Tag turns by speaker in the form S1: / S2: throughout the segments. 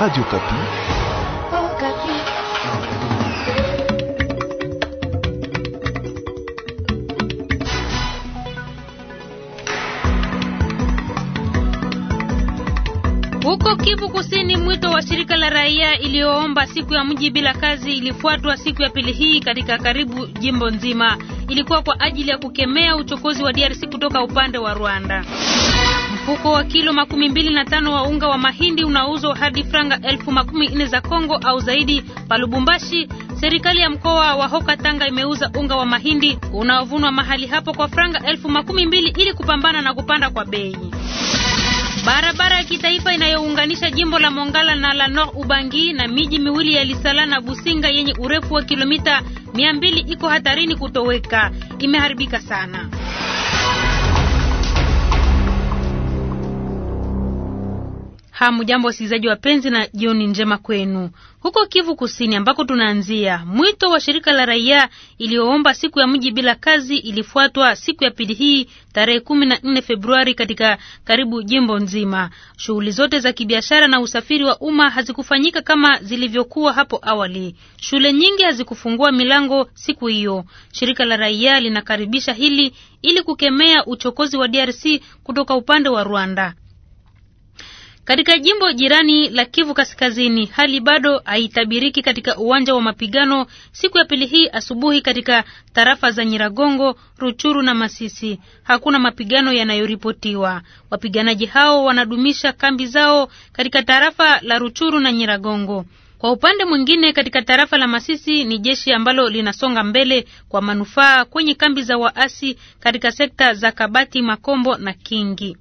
S1: Radio Okapi.
S2: Huko Kivu Kusini, mwito wa shirika la raia iliyoomba siku ya mji bila kazi ilifuatwa siku ya pili hii katika karibu jimbo nzima. Ilikuwa kwa ajili ya kukemea uchokozi wa DRC kutoka upande wa Rwanda. Mfuko wa kilo makumi mbili na tano wa unga wa mahindi unauzwa hadi franga elfu makumi nne za Kongo au zaidi pa Lubumbashi. Serikali ya mkoa wa Hoka Tanga imeuza unga wa mahindi unaovunwa mahali hapo kwa franga elfu makumi mbili ili kupambana na kupanda kwa bei. Barabara ya kitaifa inayounganisha jimbo la Mongala na la Nord Ubangi na miji miwili ya Lisala na Businga yenye urefu wa kilomita 200 iko hatarini kutoweka. Imeharibika sana. Hamujambo wasikilizaji wapenzi, na jioni njema kwenu. Huko Kivu Kusini ambako tunaanzia, mwito wa shirika la raia iliyoomba siku ya mji bila kazi ilifuatwa siku ya pili hii tarehe kumi na nne Februari katika karibu jimbo nzima. Shughuli zote za kibiashara na usafiri wa umma hazikufanyika kama zilivyokuwa hapo awali. Shule nyingi hazikufungua milango siku hiyo. Shirika la raia linakaribisha hili ili kukemea uchokozi wa DRC kutoka upande wa Rwanda. Katika jimbo jirani la Kivu Kaskazini, hali bado haitabiriki katika uwanja wa mapigano siku ya pili hii asubuhi katika tarafa za Nyiragongo, Ruchuru na Masisi. Hakuna mapigano yanayoripotiwa. Wapiganaji hao wanadumisha kambi zao katika tarafa la Ruchuru na Nyiragongo. Kwa upande mwingine, katika tarafa la Masisi ni jeshi ambalo linasonga mbele kwa manufaa kwenye kambi za waasi katika sekta za Kabati, Makombo na Kingi.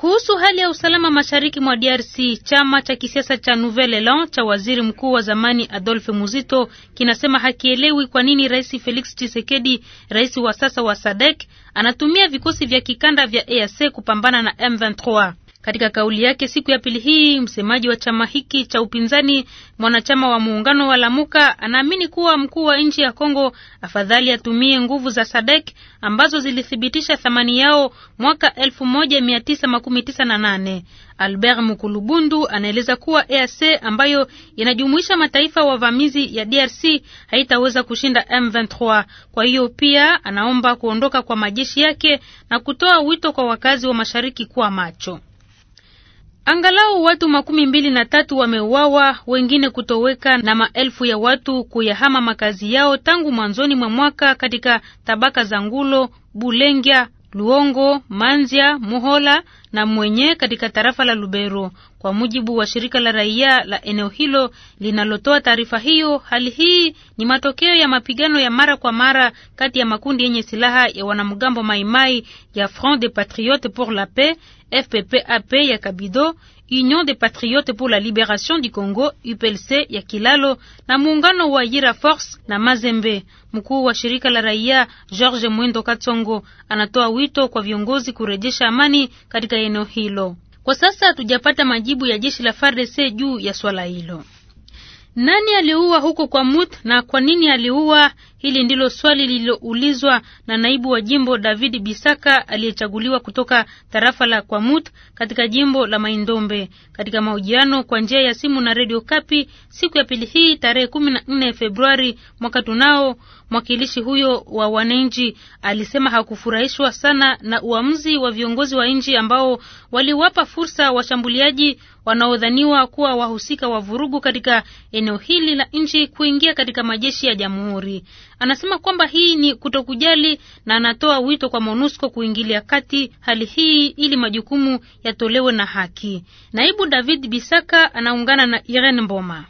S2: Kuhusu hali ya usalama mashariki mwa DRC, chama cha kisiasa cha Nouvel Elan cha waziri mkuu wa zamani Adolphe Muzito kinasema hakielewi kwa nini Rais Felix Tshisekedi, rais wa sasa wa SADC, anatumia vikosi vya kikanda vya EAC kupambana na M23. Katika kauli yake siku ya pili hii, msemaji wa chama hiki cha upinzani, mwanachama wa muungano wa Lamuka, anaamini kuwa mkuu wa nchi ya Kongo afadhali atumie nguvu za SADC ambazo zilithibitisha thamani yao mwaka 1998. Albert Mukulubundu anaeleza kuwa EAC ambayo inajumuisha mataifa wavamizi ya DRC haitaweza kushinda M23. Kwa hiyo pia anaomba kuondoka kwa majeshi yake na kutoa wito kwa wakazi wa mashariki kuwa macho. Angalau watu makumi mbili na tatu wameuawa, wengine kutoweka na maelfu ya watu kuyahama makazi yao tangu mwanzoni mwa mwaka katika tabaka za Ngulo, Bulengya, Luongo, Manzia, Muhola na Mwenye katika tarafa la Lubero. Kwa mujibu wa shirika la raia la eneo hilo linalotoa taarifa hiyo, hali hii ni matokeo ya mapigano ya mara kwa mara kati ya makundi yenye silaha ya wanamgambo Maimai ya Front des Patriotes pour la Paix, FPPAP ya Kabido Union des Patriotes pour la Libération du Congo UPLC ya Kilalo na muungano wa Yira Force na Mazembe. Mkuu wa shirika la raia George Mwendo Katsongo anatoa wito kwa viongozi kurejesha amani katika eneo hilo. Kwa sasa hatujapata majibu ya jeshi la FARDC juu ya swala hilo. Nani aliua huko kwa Mut na kwa nini aliua? Hili ndilo swali lililoulizwa na naibu wa jimbo David Bisaka aliyechaguliwa kutoka tarafa la Kwamut katika jimbo la Maindombe katika mahojiano kwa njia ya simu na Radio Kapi siku ya pili hii tarehe 14 Februari mwaka tunao. Mwakilishi huyo wa wananchi alisema hakufurahishwa sana na uamuzi wa viongozi wa nchi ambao waliwapa fursa washambuliaji wanaodhaniwa kuwa wahusika wa vurugu katika eneo eneo hili la nchi kuingia katika majeshi ya jamhuri. Anasema kwamba hii ni kutokujali na anatoa wito kwa MONUSCO kuingilia kati hali hii ili majukumu yatolewe na haki. Naibu David Bisaka anaungana na Irene Mboma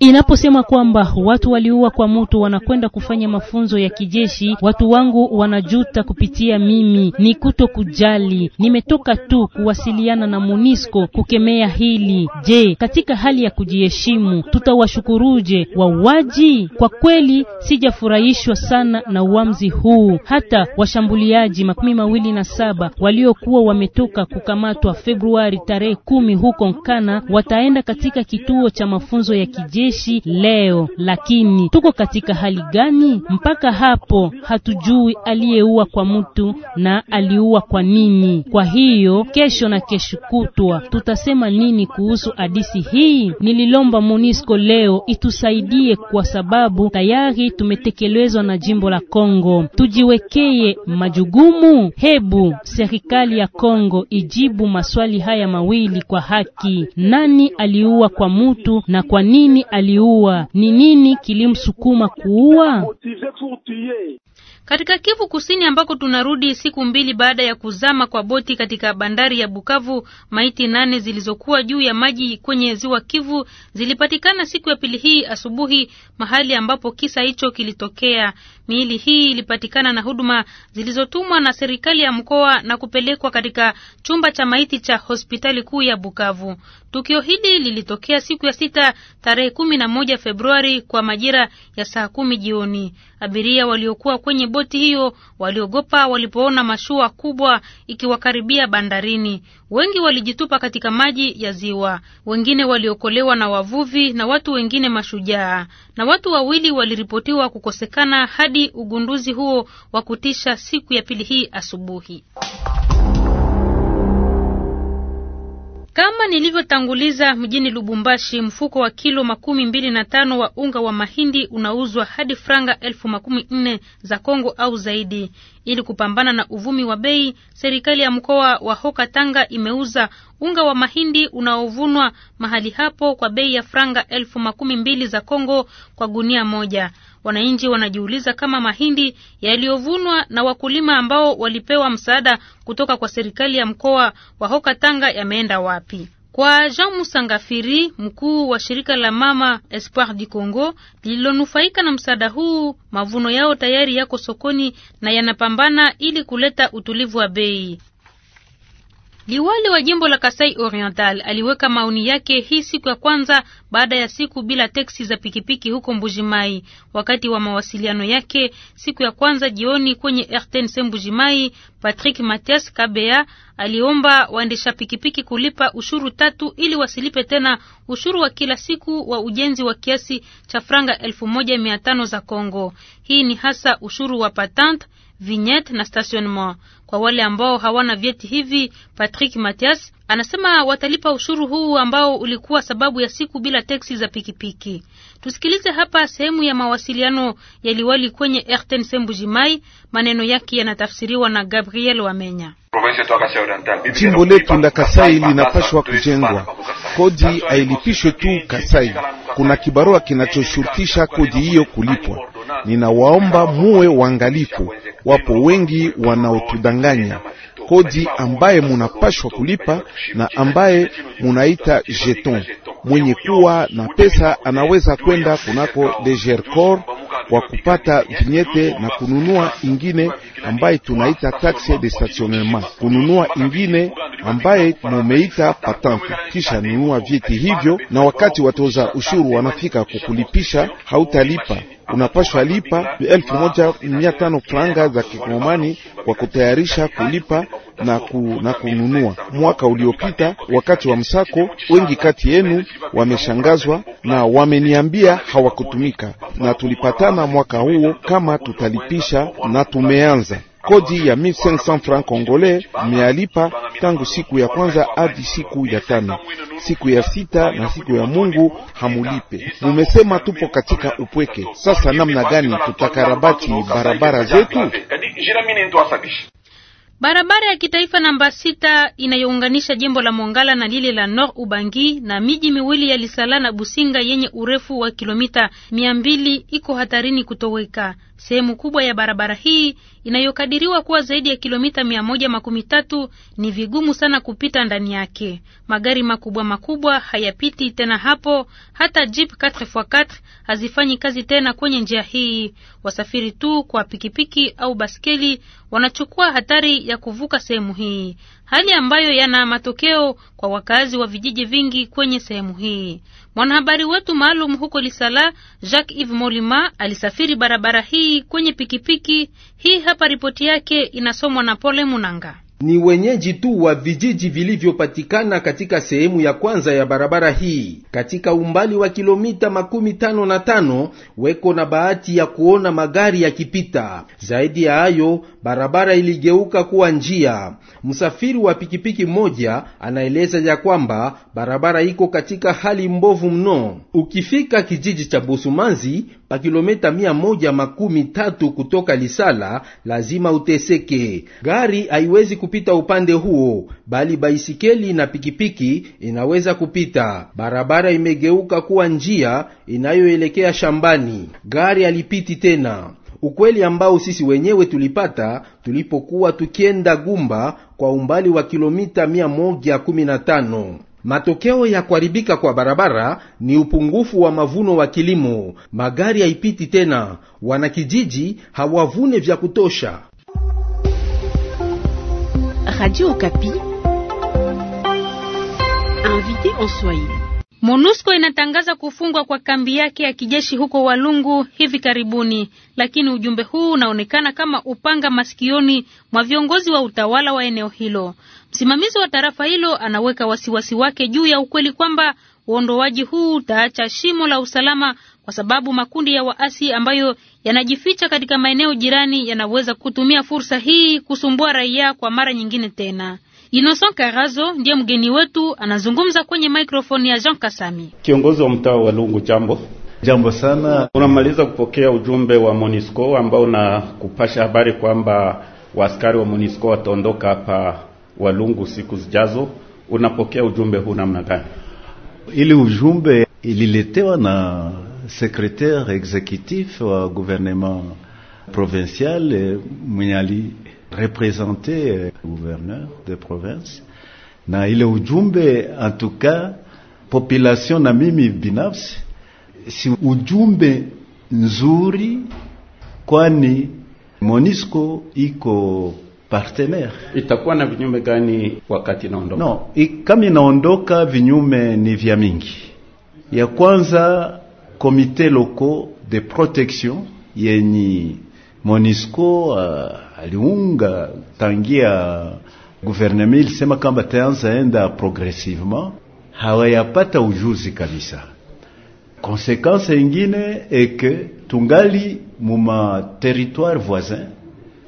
S3: inaposema kwamba watu waliua kwa moto wanakwenda kufanya mafunzo ya kijeshi, watu wangu wanajuta kupitia mimi. Ni kuto kujali, nimetoka tu kuwasiliana na Munisco kukemea hili. Je, katika hali ya kujiheshimu tutawashukuruje wauaji? Kwa kweli sijafurahishwa sana na uamuzi huu. Hata washambuliaji makumi mawili na saba waliokuwa wametoka kukamatwa Februari tarehe kumi huko Nkana wataenda katika kituo cha mafunzo ya kijeshi leo, lakini tuko katika hali gani? Mpaka hapo hatujui aliyeua kwa mtu na aliua kwa nini. Kwa hiyo kesho na kesho kutwa tutasema nini kuhusu hadisi hii? Nililomba Monisco leo itusaidie kwa sababu tayari tumetekelezwa na jimbo la Kongo. tujiwekee majugumu. Hebu serikali ya Kongo ijibu maswali haya mawili kwa haki. Nani ali aliua kwa mutu na kwa nini aliua? Ni nini kilimsukuma kuua?
S2: Katika Kivu Kusini ambako tunarudi siku mbili baada ya kuzama kwa boti katika bandari ya Bukavu, maiti nane zilizokuwa juu ya maji kwenye ziwa Kivu zilipatikana siku ya pili hii asubuhi mahali ambapo kisa hicho kilitokea. Miili hii ilipatikana na huduma zilizotumwa na serikali ya mkoa na kupelekwa katika chumba cha maiti cha hospitali kuu ya Bukavu. Tukio hili lilitokea siku ya sita tarehe kumi na moja Februari kwa majira ya saa kumi jioni. Abiria waliokuwa kwenye boti hiyo waliogopa walipoona mashua kubwa ikiwakaribia bandarini. Wengi walijitupa katika maji ya ziwa, wengine waliokolewa na wavuvi na watu wengine mashujaa. Na watu wawili waliripotiwa kukosekana hadi ugunduzi huo wa kutisha siku ya pili hii asubuhi. Kama nilivyotanguliza mjini Lubumbashi, mfuko wa kilo makumi mbili na tano wa unga wa mahindi unauzwa hadi franga elfu makumi nne za Kongo au zaidi. Ili kupambana na uvumi wa bei, serikali ya mkoa wa Hoka Tanga imeuza unga wa mahindi unaovunwa mahali hapo kwa bei ya franga elfu makumi mbili za Kongo kwa gunia moja. Wananchi wanajiuliza kama mahindi yaliyovunwa na wakulima ambao walipewa msaada kutoka kwa serikali ya mkoa wa Hoka Tanga yameenda wapi? Kwa Jean Musangafiri, mkuu wa shirika la Mama Espoir du Congo lililonufaika na msaada huu, mavuno yao tayari yako sokoni na yanapambana ili kuleta utulivu wa bei. Liwali wa jimbo la Kasai Oriental aliweka maoni yake hii siku ya kwanza baada ya siku bila teksi za pikipiki huko Mbujimai. Wakati wa mawasiliano yake siku ya kwanza jioni kwenye RTNC Mbujimai, Patrick Mathias Kabea aliomba waendesha pikipiki kulipa ushuru tatu ili wasilipe tena ushuru wa kila siku wa ujenzi wa kiasi cha franga elfu moja mia tano za Kongo. Hii ni hasa ushuru wa patente vignette na stationnement. Kwa wale ambao hawana vyeti hivi, Patrick mathias Anasema watalipa ushuru huu ambao ulikuwa sababu ya siku bila teksi za pikipiki. Tusikilize hapa sehemu ya mawasiliano ya liwali kwenye RTNC Sembujimai. Maneno yake yanatafsiriwa na Gabriel Wamenya.
S1: Jimbo letu la Kasai linapashwa kujengwa, kodi ailipishwe tu Kasai. Kuna kibarua kinachoshurutisha kodi hiyo kulipwa. Ninawaomba muwe waangalifu, wapo wengi wanaotudanganya. Kodi ambaye munapashwa kulipa na ambaye munaita jeton, mwenye kuwa na pesa anaweza kwenda kunako degercor kwa kupata vinyete na kununua ingine ambaye tunaita taxe de stationnement, kununua ingine ambaye mumeita patante, kisha nunua vyeti hivyo, na wakati watoza ushuru wanafika kukulipisha, hautalipa unapashwa lipa elfu moja mia tano franga za Kikongomani kwa kutayarisha kulipa na, ku, na kununua. Mwaka uliopita wakati wa msako, wengi kati yenu wameshangazwa na wameniambia hawakutumika, na tulipatana mwaka huo kama tutalipisha, na tumeanza kodi ya 1500 franc congolais mmealipa tangu siku ya kwanza hadi siku ya tano. Siku ya sita na siku ya Mungu hamulipe. Mumesema tupo katika upweke. Sasa namna gani tutakarabati barabara zetu?
S2: Barabara ya kitaifa namba sita inayounganisha jimbo la Mongala na lile la Nord Ubangi na miji miwili ya Lisala na Businga yenye urefu wa kilomita mia mbili iko hatarini kutoweka. Sehemu kubwa ya barabara hii inayokadiriwa kuwa zaidi ya kilomita mia moja makumi tatu ni vigumu sana kupita ndani yake. Magari makubwa makubwa hayapiti tena hapo, hata jeep 4x4 hazifanyi kazi tena kwenye njia hii. Wasafiri tu kwa pikipiki au baskeli wanachukua hatari ya kuvuka sehemu hii, hali ambayo yana matokeo kwa wakazi wa vijiji vingi kwenye sehemu hii. Mwanahabari wetu maalum huko Lisala, Jacques Yves Molima, alisafiri barabara hii kwenye pikipiki. Hii hapa ripoti yake, inasomwa na Pole Munanga
S4: ni wenyeji tu wa vijiji vilivyopatikana katika sehemu ya kwanza ya barabara hii katika umbali wa kilomita makumi tano na tano weko na bahati ya kuona magari yakipita. Zaidi ya hayo, barabara iligeuka kuwa njia. Msafiri wa pikipiki mmoja anaeleza ya kwamba barabara iko katika hali mbovu mno. Ukifika kijiji cha Busumanzi pa kilomita mia moja makumi tatu kutoka Lisala lazima uteseke, gari haiwezi kupita upande huo, bali baisikeli na pikipiki inaweza kupita. Barabara imegeuka kuwa njia inayoelekea shambani, gari alipiti tena. Ukweli ambao sisi wenyewe tulipata tulipokuwa tukienda Gumba kwa umbali wa kilomita 115. Matokeo ya kuharibika kwa barabara ni upungufu wa mavuno wa kilimo. Magari haipiti tena, wanakijiji hawavune vya
S3: kutosha. Radio Okapi. Invité en Swahili.
S2: MONUSCO inatangaza kufungwa kwa kambi yake ya kijeshi huko Walungu hivi karibuni, lakini ujumbe huu unaonekana kama upanga masikioni mwa viongozi wa utawala wa eneo hilo. Msimamizi wa tarafa hilo anaweka wasiwasi wake juu ya ukweli kwamba Uondoaji huu utaacha shimo la usalama, kwa sababu makundi ya waasi ambayo yanajificha katika maeneo jirani yanaweza kutumia fursa hii kusumbua raia kwa mara nyingine tena. Innocent Karazo ndiye mgeni wetu, anazungumza kwenye mikrofoni ya Jean Kasami,
S5: kiongozi wa mtaa wa Lungu. Jambo. Jambo sana. Unamaliza kupokea ujumbe wa Monisco ambao unakupasha habari kwamba waaskari wa Monisco wataondoka hapa Walungu siku zijazo.
S6: Unapokea ujumbe huu namna gani? Ili ujumbe ililetewa na secretaire executif wa gouvernement provincial mwenye alirepresente euh, gouverneur de province, na ile ujumbe en cas population na mimi binafsi, si ujumbe nzuri, kwani Monisco iko partenaire. Itakuwa na vinyume gani wakati inaondoka? No, kama inaondoka vinyume ni vya mingi. Ya kwanza komite loko de protection yenye Monisco uh, aliunga tangia gouvernement ilisema kwamba taanza enda progressivement, hawayapata ujuzi kabisa. Konsekansi ingine eke tungali muma territoire voisin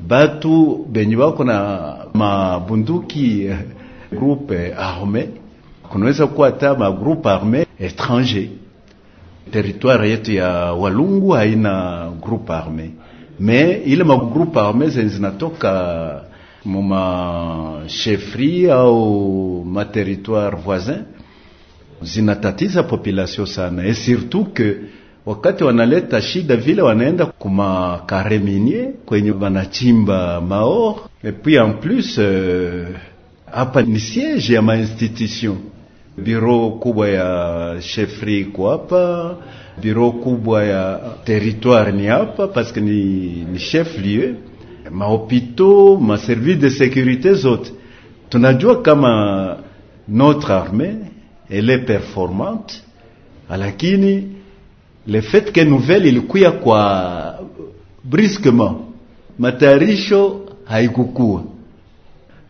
S6: batu benye bako na mabunduki groupe arme kunaweza kuwa hata groupe arme etranger. Territoire yetu ya Walungu haina groupe arme, me ile ma arme zenye zinatoka muma chefri au ma territoire voisin zinatatiza population sana, et surtout que wakati wanaleta shida vile wanaenda kuma kareminie kwenye wanachimba mao et puis en plus euh, hapa ni siege ya mainstitution biro kubwa ya chefri iko hapa, biro kubwa ya territoire ni hapa parce ni, ni chef lieu mahopito maservice de securite zote. Tunajua kama notre armée elle est performante, lakini Le fait que nouvelle ilikuya kwa brusquement, matayarisho haikukua.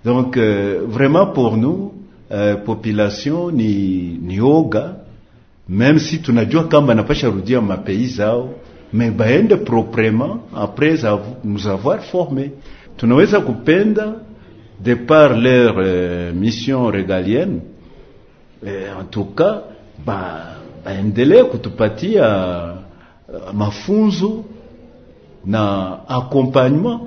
S6: Donc euh, vraiment pour nous euh, population ni, ni même si tunajua n'a napasha rudia ma zao, mais baende proprement après nous avoir formés. Tunaweza kupenda de par leur euh, mission régalienne, en tout cas bah aendelee kutupatia euh, mafunzo na accompagnement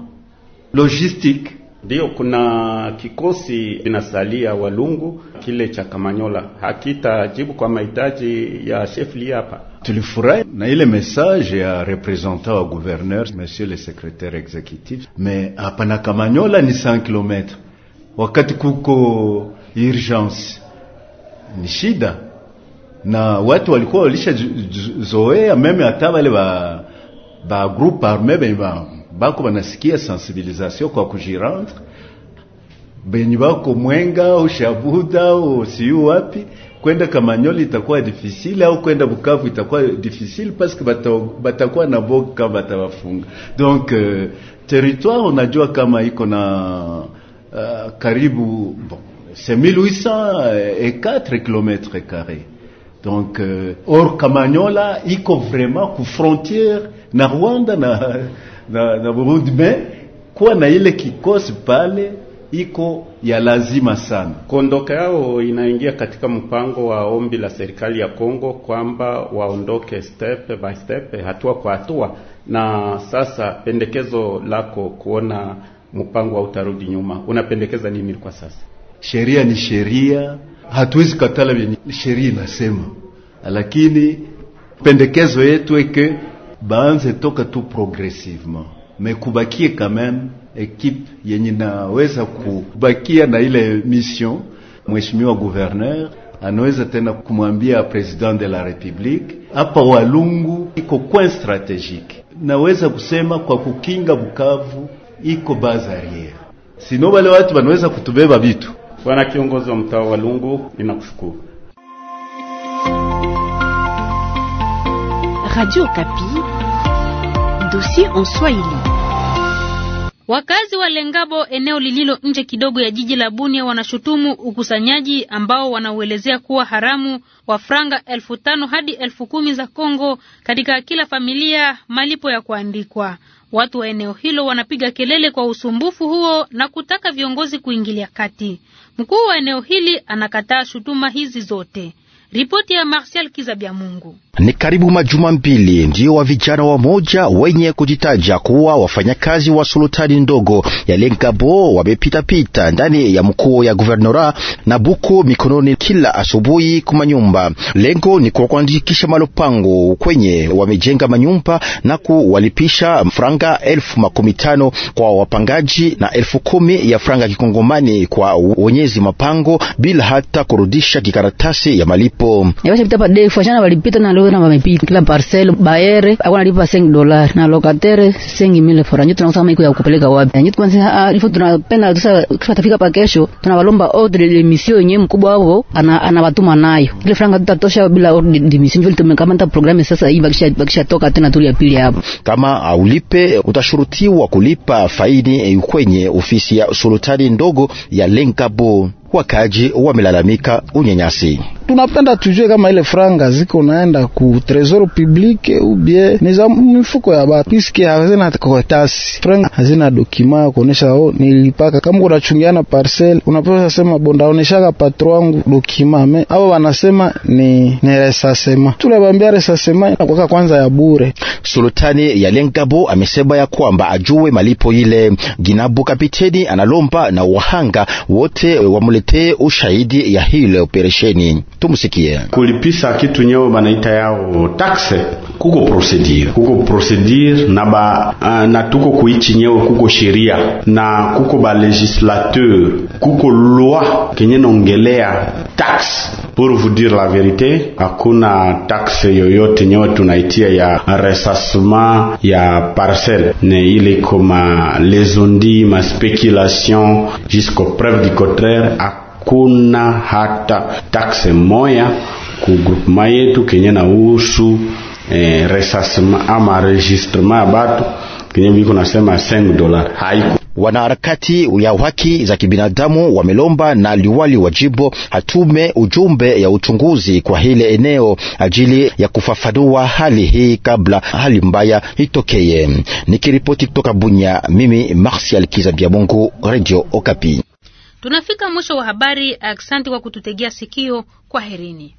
S5: logistique. Ndio, kuna kikosi inasalia Walungu kile cha Kamanyola hakitajibu kwa mahitaji ya chef li hapa.
S6: Tulifurahi na ile message ya representant wa gouverneur, monsieur le secretaire exécutif, me hapa na Kamanyola ni 100 km, wakati kuko urgence ni shida na watu walikuwa walishazoea meme, hata ba, ba groupe arme benye ba, bako banasikia sensibilisation kwa kujirendre benye bako Mwenga ushabuda au wapi itakuwa difficile au kwenda Bukavu itakuwa difficile parce que batakuwa na batawafunga. Donc euh, territoire unajua kama iko na euh, karibu bon, c'est 1804 km carrés Donc euh, or Kamanyola iko vraiment ku frontiere na Rwanda na, na, na Burundi, mais kuwa na ile kikosi pale iko ya lazima sana. Kuondoka
S5: yao inaingia katika mpango wa ombi la serikali ya Kongo kwamba waondoke step by step, hatua kwa hatua. Na sasa pendekezo lako kuona mpango wa utarudi nyuma, unapendekeza nini kwa sasa?
S6: Sheria ni sheria hatuwezi katala vyenye sheria inasema, lakini pendekezo yetu eke baanze toka tu progressivement mekubakie kameme ekipe yenye naweza kubakia na ile mission. Mheshimiwa gouverneur anaweza tena kumwambia president de la republique hapa Walungu iko coin strategique, naweza kusema kwa kukinga Bukavu iko base arriere, sino wale watu wanaweza kutubeba vitu Bwana kiongozi wa mtaa wa Lungu, ninakushukuru.
S3: Radio Kapi, dossier en Swahili.
S2: Wakazi wa Lengabo, eneo lililo nje kidogo ya jiji la Bunia, wanashutumu ukusanyaji ambao wanauelezea kuwa haramu wa franga elfu tano hadi elfu kumi za Kongo katika kila familia, malipo ya kuandikwa. Watu wa eneo hilo wanapiga kelele kwa usumbufu huo na kutaka viongozi kuingilia kati. Mkuu wa eneo hili anakataa shutuma hizi zote. Ripoti ya Martial Kizabia Mungu.
S7: Ni karibu majuma mbili ndio wa vijana wa moja wenye kujitaja kuwa wafanyakazi wa sultani ndogo ya Lengabo wamepitapita ndani ya mkuu ya guvernora na buku mikononi kila asubuhi kwa manyumba. Lengo ni kwa kuandikisha malopango kwenye wamejenga manyumba na kuwalipisha franga elfu makumi tano kwa wapangaji na elfu kumi ya franga kikongomani kwa wenyezi mapango bila hata kurudisha kikaratasi ya malipo malipo
S3: yabasha pita padefu ashana balipita na leo na kila parcel baere akona lipa 5 dollars na lokatere 5000 fora nyetu tunakosa maiko ya kupeleka wapi nyetu kwanza ah, ah, ifo tunapenda sasa kisha pa kesho tunabalomba ordre de mission yenyewe mkubwa wao anabatuma ana nayo ile franga tutatosha bila ordre de mission ndio tumekamata programme sasa hii bakisha bakisha toka tena tuli ya pili hapo
S7: kama aulipe utashurutiwa kulipa faini eh, kwenye ofisi ya sultani ndogo ya Lenkabo. Wakaji wamelalamika unyanyasi tunapenda tujue kama ile franga ziko naenda ku trésor public ou bien ni za mifuko ya batu, piske hazina karatasi, franga hazina dokima ya kuonesha oh, nilipaka. Kama unachungiana parcel, unapaswa sema bondaoneshaka patro wangu dokima me, au wanasema ni ni resasema, tunabambia resasema kwa kwanza ya bure. Sultani ya Lengabo amesema ya kwamba ajue malipo ile. Ginabu kapiteni analomba na wahanga wote wamletee ushahidi ya hile operesheni. Tumsikie.
S5: kulipisa kitu nyeo banaita yao taxe kuko procedure kuko procedure na ba uh, na tuko kuichi nyeo kuko sheria na kuko ba legislateur kuko loi kenye naongelea taxe pour vous dire la vérité, hakuna taxe yoyote nyewe tunaitia ya resasma ya parcelle ne ile koma ah, lesondi ma speculation jusqu'au preuve du contraire hakuna hata takse moya ku groupema yetu kenye nausu e, eh, resasma ama registrema ya batu kenye viko nasema 5 dola
S7: haiku Wanaharakati ya haki za kibinadamu wamelomba na liwali wa jimbo hatume ujumbe ya uchunguzi kwa hile eneo ajili ya kufafanua hali hii kabla hali mbaya itokeye. Nikiripoti kutoka Bunya, mimi Marsial Kizabia Mungu, Radio Okapi.
S2: Tunafika mwisho wa habari. Asante kwa kututegea sikio. Kwaherini.